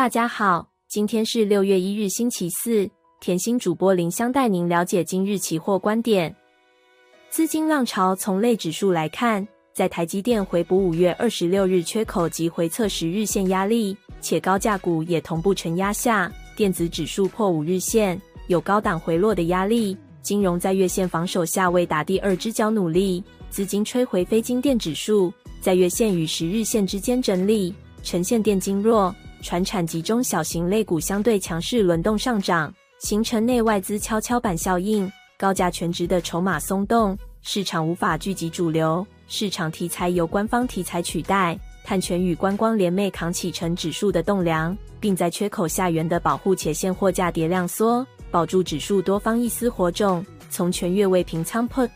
大家好，今天是六月一日，星期四。甜心主播林香帶您了解今日期貨觀點。資金浪潮從類指數來看，在台積電回補五月二十六日缺口及回測十日線壓力，且高價股也同步承壓下，電子指數破五日線，有高檔回落的壓力。金融在月線防守下，為打第二支腳努力。資金吹回非金電指數，在月線與十日線之間整理，呈現電金弱。船產集中，小型類股相對強勢輪動上漲，形成內外資蹺蹺板效應。高價全值的籌碼鬆動，市場無法聚集主流，市場題材由官方題材取代。碳權與觀光聯袂扛起成指數的棟梁，並在缺口下緣的保護且現貨價疊量縮，保住指數多方一絲活重。從全月未平倉 put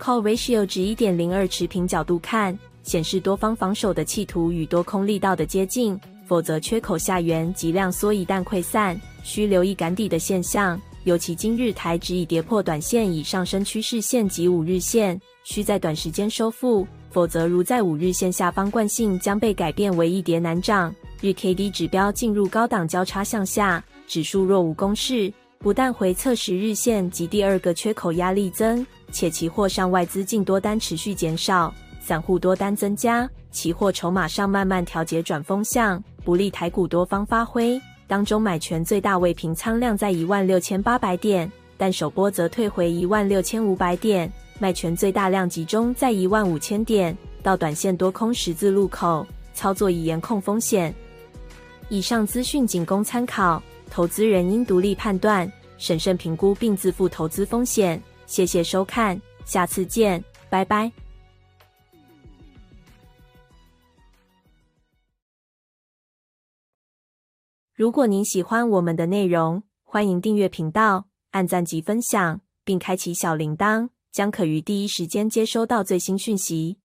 call ratio 值一點零二持平角度看，顯示多方防守的企圖與多空力道的接近。否則，缺口下緣及量縮一旦潰散，需留意趕底的現象。尤其今日台指已跌破短線以上升趨勢線及五日線，需在短時間收復。否則，如在五日線下方，慣性將被改變為易跌難漲。日 K D 指標進入高檔交叉向下，指數若無攻勢，不但回測十日線及第二個缺口壓力增，且期貨上外資淨多單持續減少，散戶多單增加，期貨籌碼上慢慢調節轉風向。不利台股多方發揮，當中買權最大未平倉量在一萬六千八百點，但首波則退回一萬六千五百點，賣權最大量集中在一萬五千點。到短線多空十字路口，操作宜嚴控風險。以上資訊僅供參考，投資人應獨立判斷，審慎評估並自負投資風險。謝謝收看，下次見，拜拜。如果您喜歡我們的內容，歡迎訂閱頻道、按讚及分享，並開啟小鈴鐺，將可於第一時間接收到最新訊息。